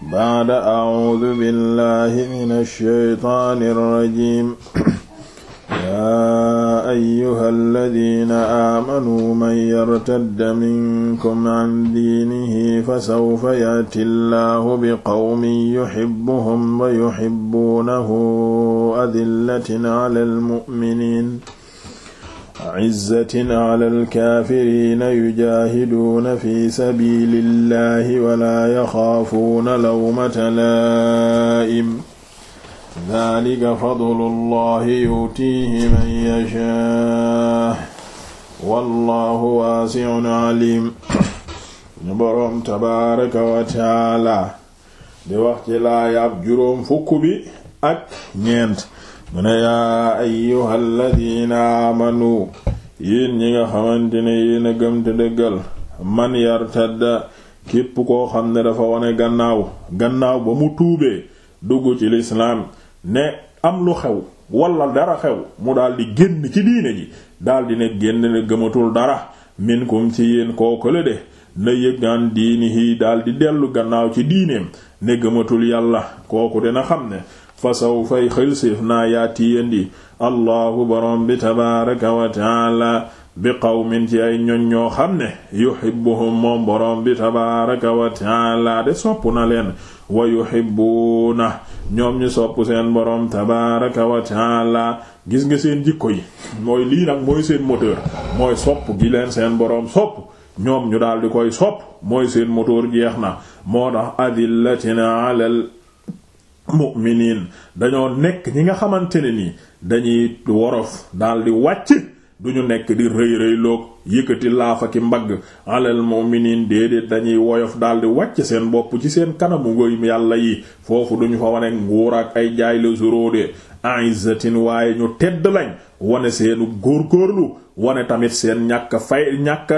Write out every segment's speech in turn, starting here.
baada acuudu billahi min alsheytaani alrajim yaa ayuha alladina aamanuu man yartadda minkum can diinihi fasawfa yaati allahu biqawmin yuxibuhum wa yuxibuunahu adillatin cala almuminin izzatin ala alkaafirina yujaahiduuna fi sabilillahi wala yaxaafuuna lawmata laa'im dalika fadlullahi yutiihi man yashaa wallahu waasi'un alim ñu boroom tabaaraka wa taala di wax ci laayab juróom fukk bi ak ñeent mu ne yaa ayyuha alladina aamanu yéen ñi nga xamante ne yéen a gëm te dëggal man yartadda képp koo xam ne dafa wane gannaaw gannaaw ba mu tuubee dugg ci lislaam ne am lu xew walla dara xew mu daldi génn ci diine ji daldi ne génn ne gëmatul dara minkum ci yéen kookale de na yëgaan diini hii daldi dellu gannaaw ci diineem ne gëmatul yàlla kooku dina xam ne fa saw fay xëlséef naa yaati yandi allahu borom bi tabaaraka wa taala bi qawmin ci ay ñoñ ñoo xam ne yuhibbuhum moom borom bi tabaaraka wa taala de sopp na leen wa yuhibbuuna ñoom ñu sopp seen borom tabaaraka wa taala gis nga seen jikko yi mooy lii nag mooy seen moteur mooy sopp gi leen seen boroom sopp ñoom ñu daal koy sopp mooy seen moteur jeex na moo tax adillatina alal mu'miniin dañoo nekk ñi nga xamante ne nii dañuy worof daldi wàcc du ñu nekk di rëy rëyloog yëkkati laafa ki mbagg alal mu'miniin déedéet dañuy woyof daldi wàcc seen bopp ci seen kanamu ngoy yàlla yi foofu duñu fa wane nguur ak ay jaay la zoróode aizatin waaye ñu tedd lañ wane seenu góorgóorlu wane tamit seen ñàkk fay ñàkk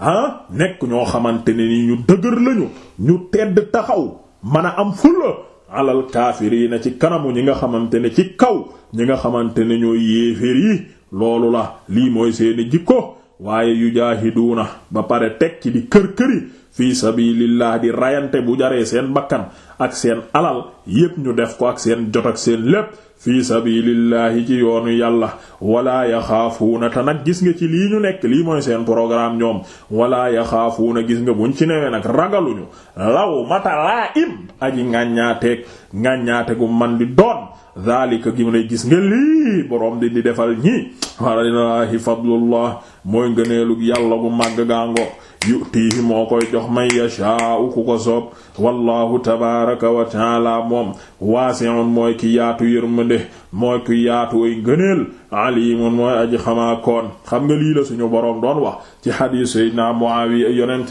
ah nekk ñoo xamante ne ni ñu dëgër lañu ñu tedd taxaw mën a am fulla alal kaafiriina ci kanamu ñi nga xamante ne ci kaw ñi nga xamante ne ñooy yéeféer yi loolu la lii mooy seeni jikko waaye yujaahiduuna ba pare teg ci di kër këri fii sabilillah di rayante bu jaree seen bakkan ak seen alal yépp ñu def ko ak seen jot ak seen lépp fii sabilillahi ci yoonu yàlla wala yaxaafuuna te nag gis nga ci lii ñu nekk lii mooy seen programme ñoom walaa wala yaxaafuuna gis nga buñ ci newee nag ragaluñu law mata laa im aji ngàññaateeg ngàññaate gu man di doon zalika gi mu ne gis nga lii boroom di di defal ñii walilaahi fadlullah mooy ngëneelug yàlla bu màgg gàngo yutiihi moo koy jox man yashaa'u ku ko soob wallahu tabaraka wa taala moom waasi'un mooy ki yaatu yërmande mooy ki yaatu ay ngëneel alimun mooy aji xamaa koon xam nga lii la suñu boroom doon wax ci xadiis seydina Muawiya yonent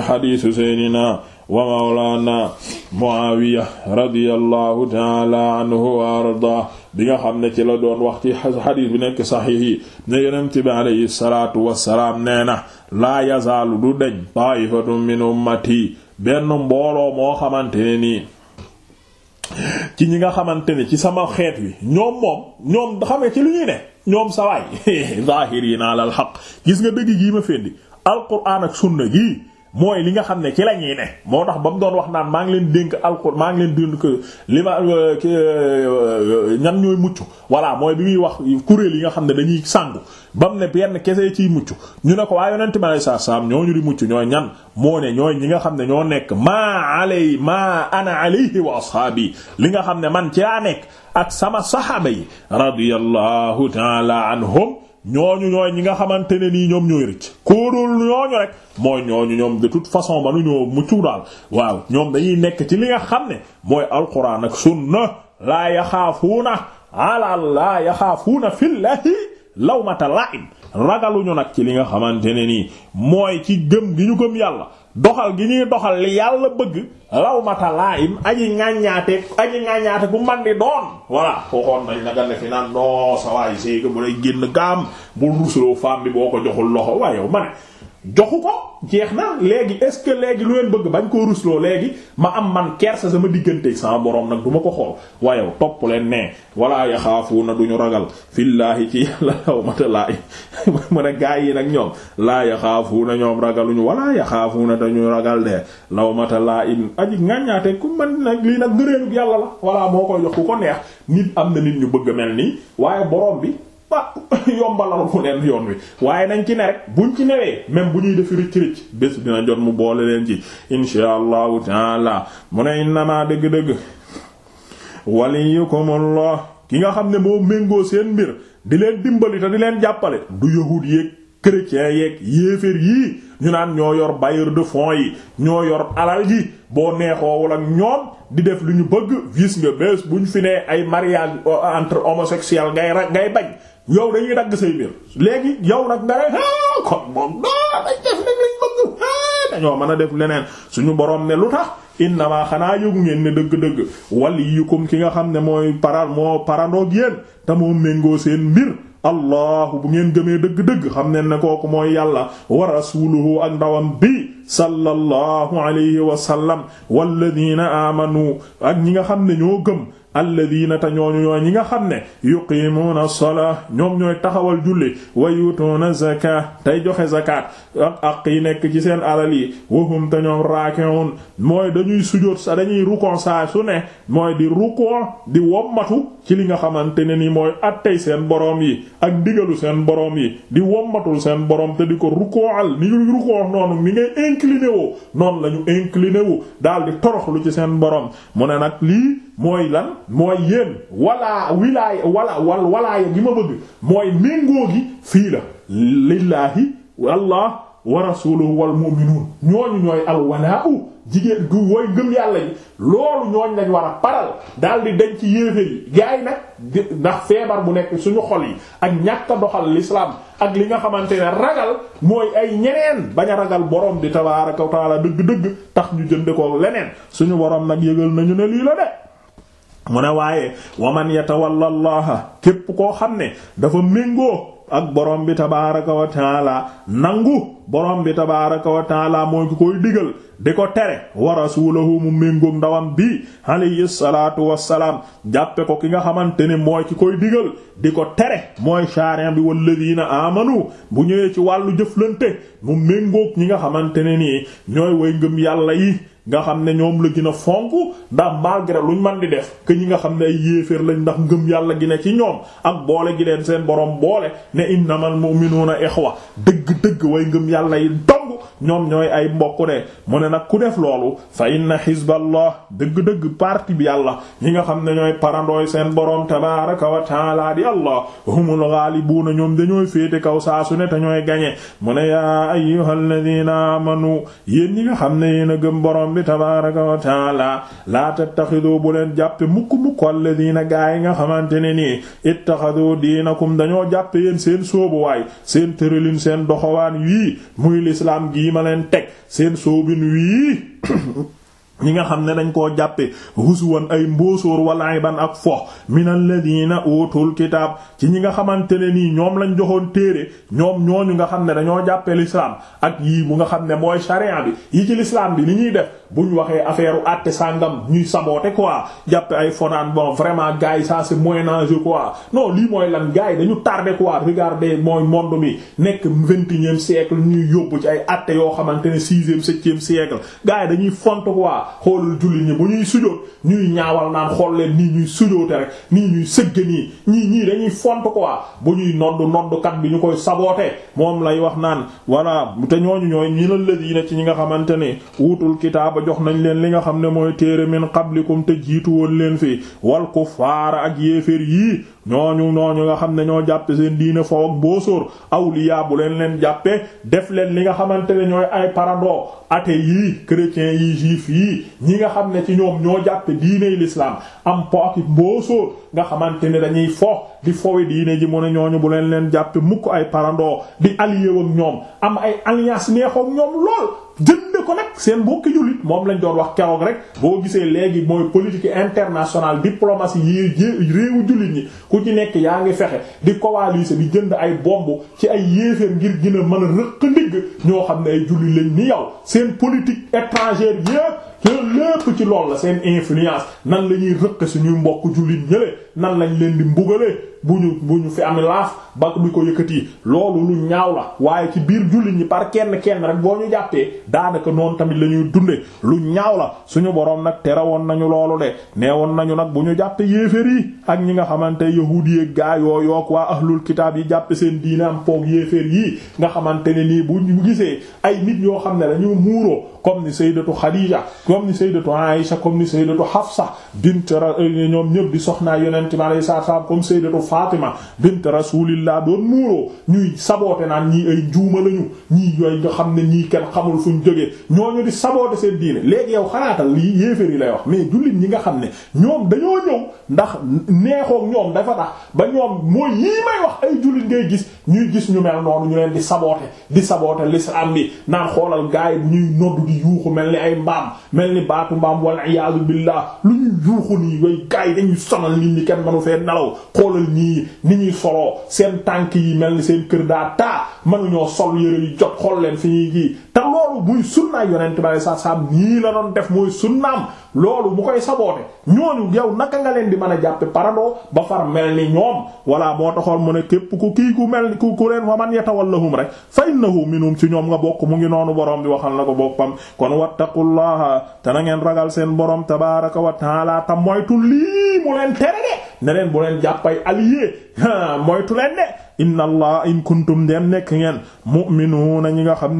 xadiisu seydina wa mawlaana Muawiya radiyallahu taala anhu wa ardaa bi nga xam ne ci la doon wax ci xadiis bi nekk saxiix yi ne yonent bi alayhi salaatu wassalaam nee na laa yazaalu du deñ taa'ifatun min ummati benn mbooloo moo xamante ni nii ci ñi nga xamante ne ci sama xeet wi ñoom moom ñoom xam nga ci lu ñuy ne ñoom sawaay zaahiriina alal xaq gis nga dëgg gii ma fendi alquraan ak sunna gii mooy li nga xam ne ci la ne moo tax ba mu doon wax naan maa ngi leen dénk alxuraan maa ngi leen dénk li ma euh, euh, ñan ñooy mucc voilà mooy bi muy wax kuréel yi nga xam ne dañuy sàngu ba mu ne benn kese ciy mucc ñu ne ko waa yonent ma a saam ñoo ñu di mucc ñooy ñan moo ne ñooy ñi nga xam ne ñoo nekk maa alay maa ana alayhi wa ashaabi li nga xam ne man ci laa nekk ak sama saxaaba yi radiyallahu taala anhum ñooñu ñooy ñi nga xamante ne nii ñoom ñooy rëcc kóodul ñooñu rek mooy ñooñu ñoom de toute façon manu ñoo muccu daal waaw ñoom dañuy nekk ci li nga xam ne mooy alquran ak sunna laa yaxaafuuna ala laa yaxaafuuna fillahi lawmata la'im ragaluñu nag ci li nga xamante ne nii mooy ci gëm gi ñu gëm yàlla doxal gi ñuy doxal li yàlla bëgg law mata laayim aji ŋàññaate aji ŋàññaate bu man di doon voilà waxoon nañ naga ne fi naan non sa waay séyga bu lay gaam bu rusloo femme boo ko joxul loxo waaye yow ma joxu ko jeex na léegi est-ce que léegi lu leen bëgg bañ koo rusloo léegi ma am man kerse sama digganteeg sama borom nag du ma ko xool waaye topp leen ne wala na duñu ragal fillaahi ci yàlla lawmata laay mu ne gaa yi nag ñoom laa yaxaafuuna ñoom ragaluñu wala yaxaafuuna dañu ragal de lawmata laa in aji ngàññaate ku man nag lii nag ngëreelug yàlla la wala moo koy jox ku ko neex nit am na nit ñu bëgg mel nii waaye borom bi ah ngir yombalal mu leen yoon wi waaye nañ ci ne rek buñ ci newee même bu ñuy def ricc ricc bés dina jot mu boole leen ci insha allahu taala mu ne innamaa dëgg-dëgg waliyukumullah ki nga xam ne moo méngoo seen mbir di leen dimbali te di leen jàppale du yahud yéeg chrétien yeeg yéeféer yii ñu naan ñoo yor bailleur de fonds yi ñoo yor alal yi boo neexoo ak ñoom di def lu ñu bëgg gis nga bés bu ñu fi nee ay mariage euh, entre homosexuel ngay ra ngay bañ yow dañuy dagg say mbir léegi yow nag nga ne kon moom daa dañ def mën a def leneen suñu boroom ne lu tax innamaa xanaa yëgu ngeen ne dëgg-dëgg waliyukum ki nga xam ne mooy para moo parandoog yéen te moo méngoo seen mbir allahu bu ngeen gëmee dëgg-dëgg xam ne ne kooku mooy yàlla wa rasuluhu ak ndawam bi sallallahu alayhi wa sallam walladina amanu ak ñi nga xam ne ñoo gëm alladina te ñooñu ñooy ñi nga xam ne yuqimuuna solo ñoom ñooy taxawal julli wa yutuuna zaka tey joxe zakat ak ak yi nekk ci seen alal yi wahum te ñoom raaki'uun mooy dañuy sujóot sa dañuy rukon saa su ne mooy di rukon di wommatu ci li nga xamante ne ni mooy attey seen borom yi ak digalu seen borom yi di wommatul seen boroom te di ko rukoonal ni ñuy rukon noonu mi ngay incliné noonu lañu ñu incliné wu daal di toroxlu ci seen borom mu ne nag lii mooy la mooy yéen wala wilaaya wala wal walaaya gi ma bëgg mooy méngoo gi fii la lillaahi allah wa rasuluhu wal mu'minuun ñooñu ñooy alwalaa'u jigéen gu woy gën yàlla yi loolu ñooñ lañ war a paral daal di dañ ci yéeféer yi gars yi nag ndax feebar bu nekk suñu xol yi ak ñàkk a doxal l'islam ak li nga xamante ne ragal mooy ay ñeneen bañ a ragal borom di tabaaraka wa taala dëgg-dëgg tax ñu jënd ko leneen suñu borom nag yëgal nañu ne lii la de mu ne waaye waman yatawalla allaha képp koo xam ne dafa méngoo ak borom bi tabaaraka wa taala nangu borom bi tabaaraka wa taala mooy ki koy digal di ko tere wa rasuulahu mu méngoog ndawam bi alayhi salaatu wassalaam jàppe ko ki nga xamante ne mooy ki koy digal di ko tere mooy sharin bi walladiina amanu bu ñëwee ci wàllu jëflante mu méngoog ñi nga xamante ne nii ñooy way ngëm yàlla yi nga xam ne ñoom la gën a fonk ndax malgré luñ man di def que ñi nga xam ne ay yéeféer lañ ndax ngëm yàlla gi ne ci ñoom ak boole gi leen seen borom boole ne innamal mu'minuna ikhwa dëgg dëgg way ngëm yàlla yi ñoom ñooy ay mbokk de mu ne nag ku def loolu fa inna xizballah dëgg-dëgg parti bi yàlla ñi nga xam ne ñooy parandooy seen boroom tabaraka wa taala di allah humul ghaalibuuna ñoom dañooy féete kaw saa su ne te ñooy gañe mu ne yaa ayyuhal ladina amanu yéen ñi nga xam ne yéen a gëm boroom bi tabaraka wa taala laata tattaxidu bu leen jàppe mukk-mukk alladina gaay nga xamante ne nii ittaxadu diinakum dañoo jàppe yéen seen soobuwaay seen tëralin seen doxawaan ma teg seen soobin wii ñi nga xam ne dañ koo jàppe husuwan ay mbóosóor walaay ban ak fo min alladina utul kitaab ci ñi nga xamante ne nii ñoom lañ joxoon téere ñoom ñooñu nga xam ne dañoo jàppe l'islam ak yii bu nga xam ne mooy charia bi yi ci l'islam bi li ñuy def buñ waxee affaire u àtte sàngam ñuy saboote quoi jàppe ay fonaan bon vraiment gars yi ça c'est moyen âge quoi lii mooy lan gars yi dañu tardé quoi regardez mooy monde bi nekk vingt-et-unième siècle ñuy yóbbu ci ay àtte yoo xamante ne sixième septième siècle gars yi dañuy font quoi Touba xoolal julli ñi bu ñuy sujoot ñuy ñaawal naan xool leen nii ñuy sujoote rek nii ñuy sëgg nii ñii ñii dañuy font quoi bu ñuy nodd kat bi ñu koy saboote moom lay wax naan voilà te ñooñu ñooy ñi la lëdii na ci ñi nga xamante ne wutul kitaaba jox nañ leen li nga xam ne mooy téere min qablikum te jiitu woon leen fi wal kuffaara ak yéeféer yii ñooñu ñooñu nga xam ne ñoo jàppe seen diine foofu ak boosóor awliya bu leen leen jàppee def leen li nga xamante ne ñooy ay parando athée yii chrétiens yi juif yi ñi nga xam ne ci ñoom ñoo jàppe diiney l'islam am po ak nga xamante ne dañuy foo di fowe diine ji mu ne ñooñu bu leen leen jàppe mukk ay parando di allié ak ñoom am ay alliance neexook ñoom lool jënde ko nag seen mbokki jullit moom lañ doon wax keroog rek boo gisee léegi mooy politique internationale diplomatie yi réewu jullit ñi ku ci nekk yaa ngi fexe di coaliser bi jënd ay bomb ci ay yéeféer ngir gën a mën a rëq ndigg ñoo xam ne ay jullit lañ ni yow seen politique étrangère yépp yooyu lépp ci lool la seen influence nan la ñuy rëq suñuy mbokk jullit ñële nan lañ leen di mbugale bu ñu bu ñu fi am laaf ba bi ko yi loolu lu ñaaw la waaye ci biir jullit ñi par kenn kenn rek boo ñu jàppee daanaka noonu tamit la ñuy dunde lu ñaaw la suñu borom nag tere woon nañu loolu de nee woon nañu nag bu ñu jàppee yéeféer yi ak ñi nga xamante yahuud yi gaa yoo yook waa ahlul kitaab yi jàppe seen diine am poog yéeféer yi nga xamante ne nii bu ñu gisee ay nit yoo xam ne dañu muuroo comme ni sayyidatu Khadija comme ni sayyidatu Aisha comme ni sayyidatu Hafsa bint ñoom ñëpp di soxnaa yonente mi alayhi salaam comme sayyidatu Fatima bint rasulillah doon muuroo ñuy saboote naan ñii ay juuma lañu ñii yooyu nga xam ne ñii kenn xamul fuñ jógee ñooñu di saboote seen diine léegi yow xalaatal lii yéeféer yi lay wax mais jullit ñi nga xam ne ñoom dañoo ñëw ndax neexook ñoom dafa tax ba ñoom mooy yii may wax ay jullit ngay gis ñuy gis ñu mel noonu ñu leen di saboote di saboote l'islam bi naan xoolal gaay ñuy nodd di yuuxu mel ni ay mbaam mel ni baatu mbaam wal iyaadu billah lu ñuy yuuxu nii ñi ni ñuy soloo seen tànk yi mel ni seen kër daa taa mënuñoo sol yëre yu jot xool leen fi ñuy gi loolu muy sunnaay yonent bi saa saa nii la doon def mooy sunnaam loolu mu koy saboote ñooñu yow naka nga leen di mën a jàppe parandoo ba far mel ni ñoom voilà moo taxoon mu ne képp ku kii ku mel ku ku leen wa man yatawallahum rek fa innahu minhum ci ñoom nga bokk mu ngi noonu borom bi waxal na ko boppam kon wattaqullaha te na ragal seen borom tabaaraka wa taala tam moytu lii mu leen tere de ne leen bu leen jàppay allié moytu leen de inna allah in kuntum dem nekk ngeen mu'minuna ñi nga xam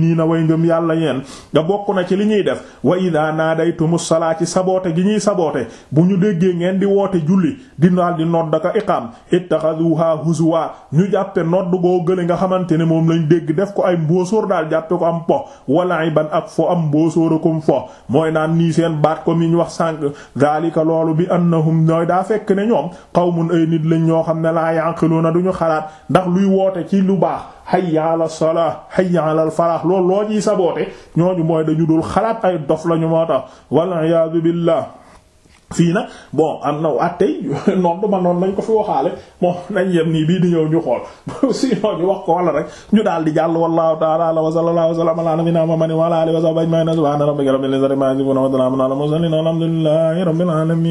nii na way ngëm yàlla yeen nga bokk na ci li ñuy def wa idaa naadaytumu salaa ci saboote gi ñuy saboote bu ñu déggee ngeen di woote julli di naal di nodd ak iqaam ittaxaduha huzwa ñu jàppe nodd goo gële nga xamante ne moom lañ dégg def ko ay mbóosóor daal jàppe ko am po wala ban ak fo am mbóosóorakom fo mooy naan nii seen baat ko mi wax sànq daalika loolu bi annahum ñooy daa fekk ne ñoom qawmun ay nit lañ ñoo xam ne laa yaqiluna duñu xalaat ndax luy woote ci lu baax hayya ala salah hayya ala al falah loolu loo ñuy saboote ñooñu mooy dañu dul xalaat ay dof lañu moo tax wal iyaadu billah fii nag bon am na attey noon duma noonu nañ ko fi waxaale moom nañ yem nii bii di ñëw ñu xool sinon ñu wax ko wala rek ñu daal di jàll wallahu ta'ala ala wa sallallahu wa sallam ala nabiyyina muhammadin wa ala alihi wa sahbihi ajma'in subhana rabbika rabbil izzati amma yasifun wa salamun ala